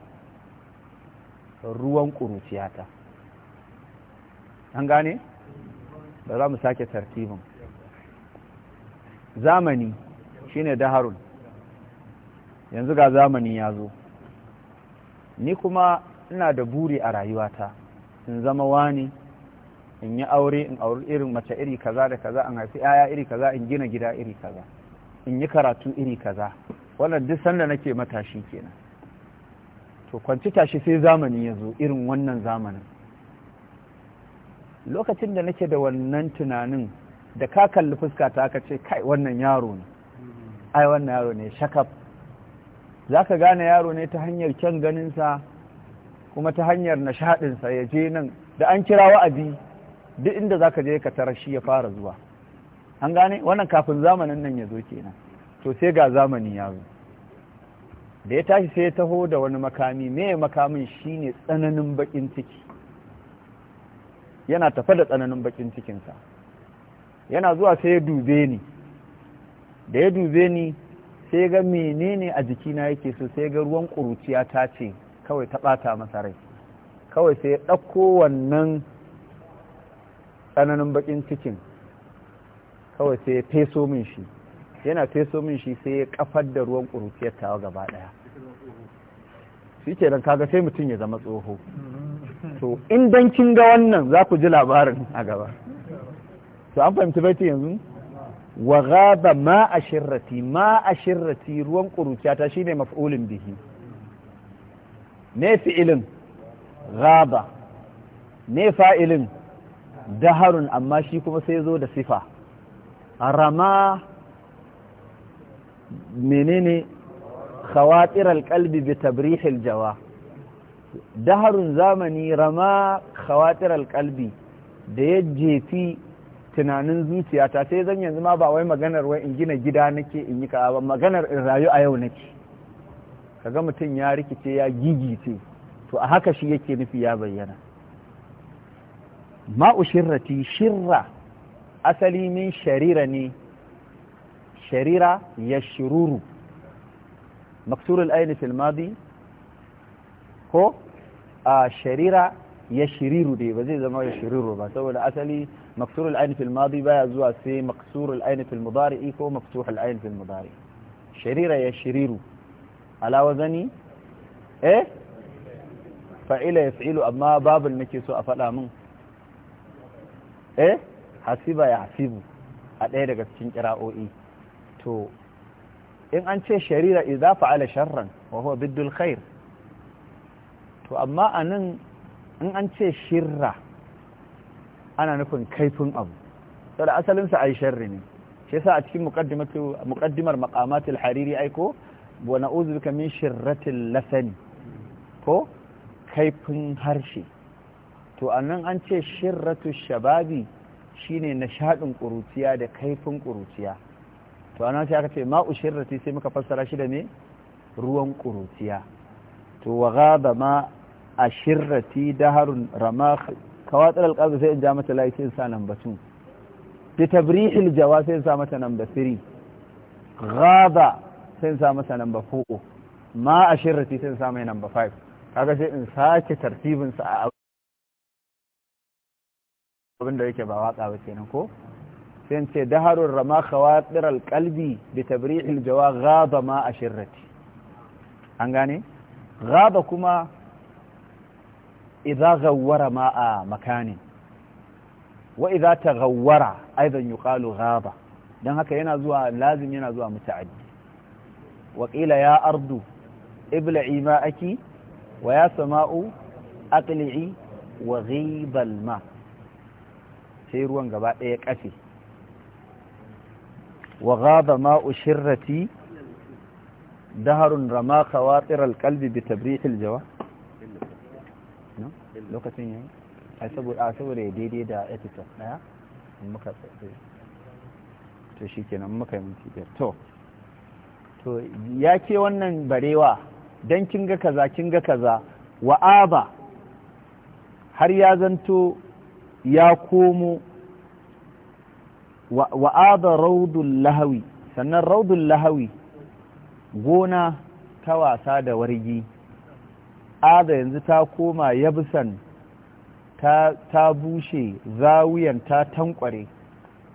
ruwan kuruciyata an gane ba za mu sake tartibin zamani shine daharun yanzu ga zamani ya zo ni kuma ina da buri a rayuwata in zama wani in yi aure in auri irin mace iri kaza da kaza in haifi yaya iri kaza in gina gida iri kaza in yi karatu iri kaza wannan duk sanda nake matashi kenan to kwanci tashi sai zamani ya zo irin wannan zamanin lokacin da nake da wannan tunanin da ka kalli fuska ta aka ce kai wannan yaro ne ai wannan yaro ne shakaf za ka gane yaro ne ta hanyar kyan ganinsa kuma ta hanyar nashaɗinsa ya je nan da an kira wa'azi duk inda za ka je ka tara shi ya fara zuwa an gane wannan kafin zamanin nan ya zo kenan to sai ga zamani ya zo da ya tashi sai ya taho da wani makami me makamin shine tsananin bakin ciki yana tafa da tsananin bakin cikinsa yana zuwa sai ya dube ni da ya dube ni sai ga menene a jikina yake so sai ga ruwan ƙuruciya ta ce kawai ta ɓata masa rai kawai sai ya ɗauko wannan tsananin baƙin cikin kawai sai ya feso min shi yana feso min shi sai ya kafar da ruwan ƙuruciyar tawa gaba ɗaya shi ke nan kaga sai mutum ya zama tsoho mm-hmm. to in dan kin ga wannan za ku ji labarin a gaba to an fahimci baiti yanzu wa gaba ma shirrati ma shirrati ruwan kuruciyata shine maf'ulin bihi ne fi'ilin gaba ne fa'ilin daharun amma shi kuma sai zo da sifa rama menene khawatir kalbi bi tabrih jawa daharun zamani rama khawatir kalbi da ya jefi tunanin zuciyata sai zan yanzu ma ba wai maganar wai in gina gida nake in yi ka'a maganar in rayu a yau nake kaga mutum ya rikice ya gigice to a haka shi yake nufi ya bayyana ma'u shirrati shirra asali min sharira ne sharira ya shiruru maksurul aini fil madi ko a sharira ya shiriru dai ba zai zama ya shiriru ba saboda asali مكسور العين في الماضي بايا زوا سي مكسور العين في المضارع كو مفتوح العين في المضارع شريرة يا شرير على وزني ايه فعل يفعل اما باب المكيسو افلا من eh hasiba ya hasibu a ɗaya daga cikin ƙira'o'i to in an ce sharira idza fa'ala sharran wa huwa biddul khair to amma anan in an ce shirra ana nufin kaifin abu saboda asalinsa ai sharri ne shi yasa a cikin muqaddimatu muqaddimar maqamatil hariri ai ko wa na'udhu bika min sharratil lasani ko kaifin harshe to anan an ce sharratu shababi shine nishadin kuruciya da kaifin kuruciya to anan sai aka ce ma'u shirrati sai muka fassara shi da me ruwan kurutiya to wa ghaba ma ashirrati daharun ramakh kawatsar alƙalbi sai in ja mata layi sai in sa namba 2 bi tabrihil jawa sai in sa mata namba 3 ghaba sai in sa mata namba 4 ma ashirati sai in sa mai namba 5 kaga sai in sake tartibin sa a abin da yake ba waka ba kenan ko sai in ce daharur rama kawatsar alƙalbi bi tabrihil jawa ghaba ma ashirati an gane ghaba kuma إذا غور ماء مكان وإذا تغور أيضا يقال غاضة دان هكا ينزوها لازم ينزوها متعد وقيل يا أرض ابلعي ماءك ويا سماء أقلعي وغيب الماء سيروا ruwan ايك أفي وغاض ماء شرتي دهر رما خواطر rama بتبريح الجواب lokacin yin a saboda ya daidai da episode daya muka tsaye to shi kenan muka yi minti biyar to to ya ke wannan barewa don kin ga kaza kin ga kaza wa'aba har ya zanto ya komo wa'aba raudun lahawi sannan raudun lahawi gona ta wasa da wargi ada yanzu ta koma yabsan ta, ta bushe zawiyan ta tankware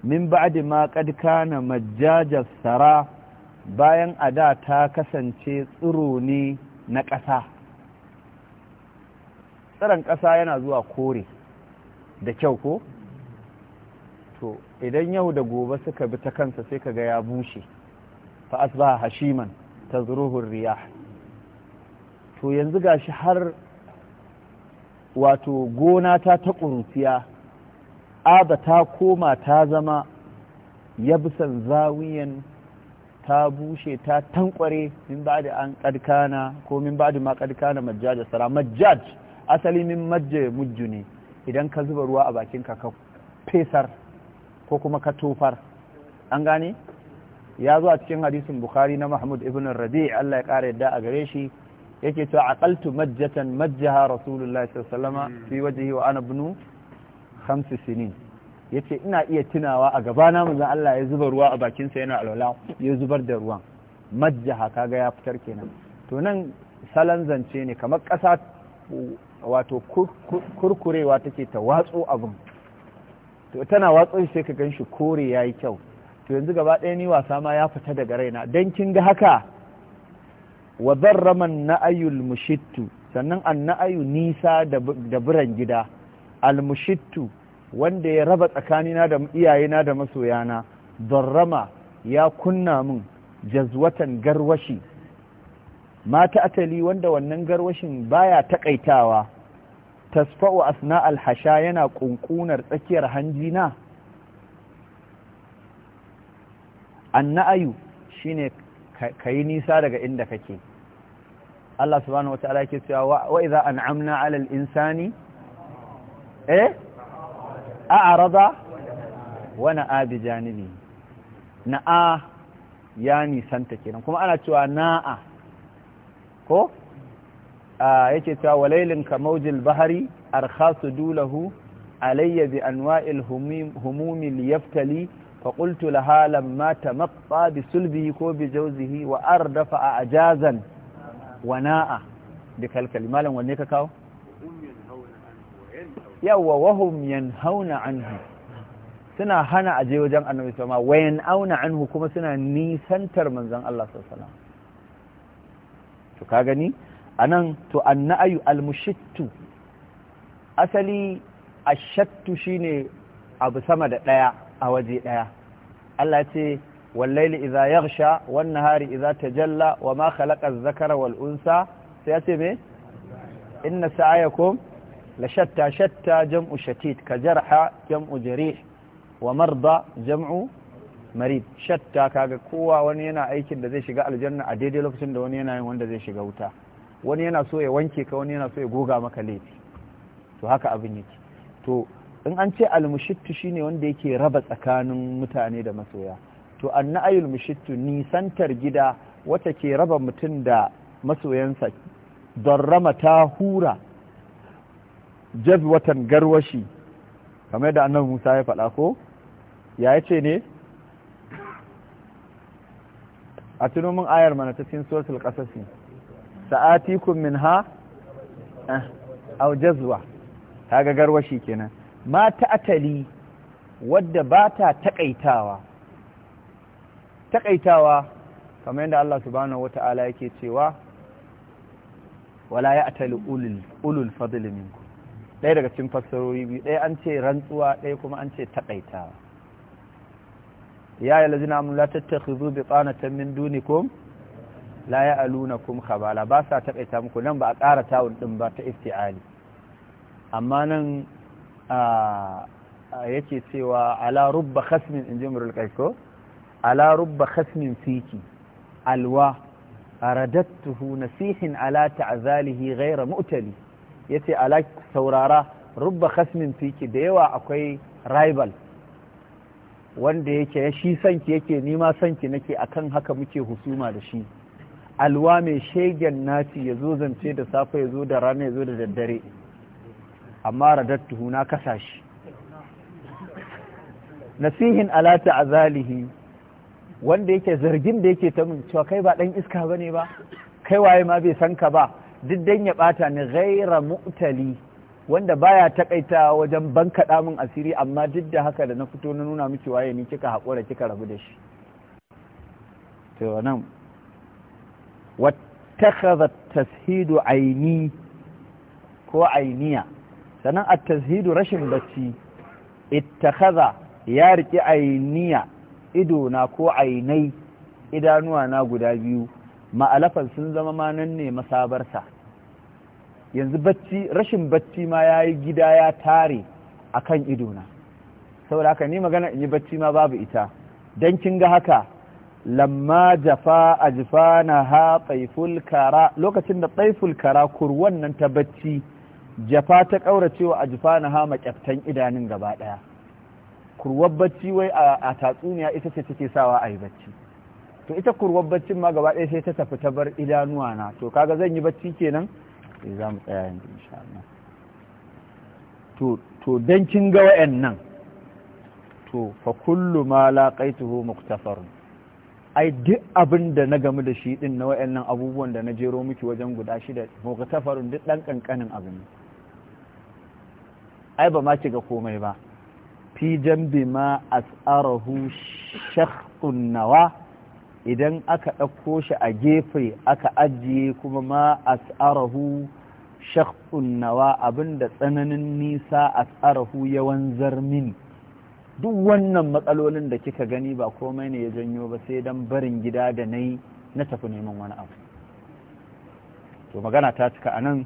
min ba'di ma qad kana bayan sara bayan ada ta kasance tsiro ne na ƙasa tsiron ƙasa yana zuwa kore da kyau ko to idan yau da gobe suka bi ta kansa sai kaga ya bushe fa asbaha hashiman tazruhu riyah to yanzu gashi har wato gona ta ta ƙunfiya aba ta koma ta zama yabisan zawiyan ta bushe ta tankware min ba da an ƙadkana ko min ba da ma ƙadkana majjaj sara majjaj asali min majje mujju ne idan ka zuba ruwa a bakin ka fesar ko kuma ka tofar an gane ya zo a cikin hadisin bukhari na mahmud ibn radi allah ya ƙara yadda a gare shi yake cewa aqaltu majjatan majjaha rasulullahi sallallahu alaihi hmm. fi wajhi wa ana ibnu khams sinin yace ina iya tunawa a gabana manzon Allah ya zuba ruwa a bakin sa yana alwala ya zubar da ruwan majjaha kaga ya fitar kenan to nan salan zance ne kamar ƙasa wato kurkurewa take ta watso abin to tana watso sai ka ganshi kore yayi kyau to yanzu gaba ɗaya ni wasa ma ya fita daga raina dan kin ga haka wa zarraman na'ayul mushittu sannan an na'ayu nisa da biran gida al mushittu wanda ya raba tsakanina da iyayena da masoyana zarrama ya kunna min jazwatan garwashi mata atali wanda wannan garwashin baya takaitawa tasfa'u asna hasha yana kunkunar tsakiyar hanjina anna'ayu shine ka yi nisa daga inda kake Allah subhanahu wa ta'ala yake cewa wa idza an'amna 'ala al-insani eh a'rada wa na'a bi janibi na'a ya nisanta kenan kuma ana cewa na'a ko yake cewa walailin ka maujil bahari arkhasu dulahu alayya bi anwa'il humumi liyaftali فقلت لها لما تمطى بسلبه كو بجوزه وأردف أعجازا وناء ديك الكلمة لن ونيك كاو يوا وهم ينهون عنه suna hana a je wajen annabi sama wayan auna anhu kuma suna nisantar manzon Allah sallallahu to ka gani anan to anna'ayu almushittu asali ashattu shine abu sama da daya a waje daya Allah ce wallaili idza yaghsha wan nahari idza tajalla wa ma khalaqa adh-dhakara wal unsa sai ya ce me inna sa'ayakum la shatta shatta jam'u shatit ka jarha jam'u jarih wa marda jam'u marid shatta kaga kowa wani yana aikin da zai shiga aljanna a daidai lokacin da wani yana yin wanda zai shiga wuta wani yana so ya wanke ka wani yana so ya goga maka laifi to haka abin yake to in an ce almushittu shine wanda yake raba tsakanin mutane da masoya to annayul mushittu nisantar gida wata ke raba mutum da masoyansa rama ta hura jab watan garwashi kamar da annabi Musa ya faɗa ko ya yace ne a tuno min ayar mana ta cikin suratul qasas sa'atikum minha eh, aw jazwa kaga garwashi kenan ma ta'atali wadda ba ta taƙaitawa taƙaitawa kamar yadda Allah subhanahu wata'ala yake cewa wala ya'tali ulul ulul fadl minkum ɗaya daga cikin fassarori biyu ɗaya an ce rantsuwa ɗaya kuma an ce taƙaitawa ya yi lazina mun la tattakhidhu bi qanatan min dunikum la kum khabala ba sa taƙaita muku nan ba a ƙara tawun din ba ta isti'ali amma nan yake cewa ala rubba khasmin in ji ala rubba khasmin fiki alwa aradattuhu nasihin ala ta'zalihi ghaira mu'tali yace ala saurara rubba khasmin fiki da yawa akwai rival wanda yake ya shi sanki yake nima sanki nake akan haka muke husuma da shi alwa mai shegen nati ya zo zance da safe ya zo da rana ya zo da daddare amma radattuhu na kasa shi nasihin alata azalihi wanda yake zargin da yake ta mun cewa kai ba dan iska bane ba kai waye ma bai san ka ba duk dan ya bata ni ghaira mu'tali wanda baya takaita wajen bankaɗa min asiri amma duk da haka da na fito na nuna miki waye ni kika haƙura kika rabu da shi to nan wattakhadha tashidu aini ko ainiya sannan a tazhidu rashin bacci ittakhadha ya riki ainiya ido na ko ainai idanuwa na guda biyu ma'alafan sun zama ma nan ne masabarsa yanzu bacci rashin bacci ma yayi gida ya tare a kan na saboda haka ni magana in yi bacci ma babu ita dan kin ga haka lamma jafa a jifa na ha tsaiful kara lokacin da tsaiful kara kurwan nan ta bacci jafa ta ƙauracewa a jufa na hama ƙyaftan idanun gaba ɗaya kurwar bacci wai a tatsuniya ita ce take sawa a yi bacci to ita kurwar baccin ma gaba ɗaya sai ta tafi ta bar idanuwa na to kaga zan yi bacci kenan sai eh, za mu tsaya yanzu insha Allah to to dan kin ga wayannan to fa kullu ma laqaituhu muktasar ai duk abin da na gamu da shi din na wayannan abubuwan da na jero miki wajen guda shida muktafarun duk dan kankanin abin ne ai ba ma ki ga komai ba fi jambi ma as'arahu shakhsun nawa idan aka ɗauko shi a gefe aka ajiye kuma ma as'arahu shakhsun nawa abinda tsananin nisa as'arahu yawan zarmin duk wannan matsalolin da kika gani ba komai ne ya janyo ba sai dan barin gida da nayi na tafi neman wani abu to magana ta cika anan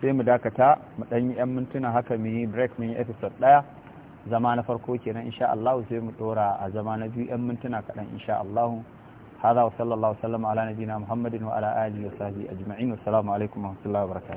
sai mu dakata mu dan yi yan mintuna haka mu yi break mu yi episode daya zama na farko kenan insha Allah sai mu ɗora a zama na biyu yan mintuna kaɗan insha Allah hada wa sallallahu alaihi wa sallam ala muhammadin wa ala alihi wa sahbihi ajma'in assalamu alaikum wa rahmatullahi wa barakatuh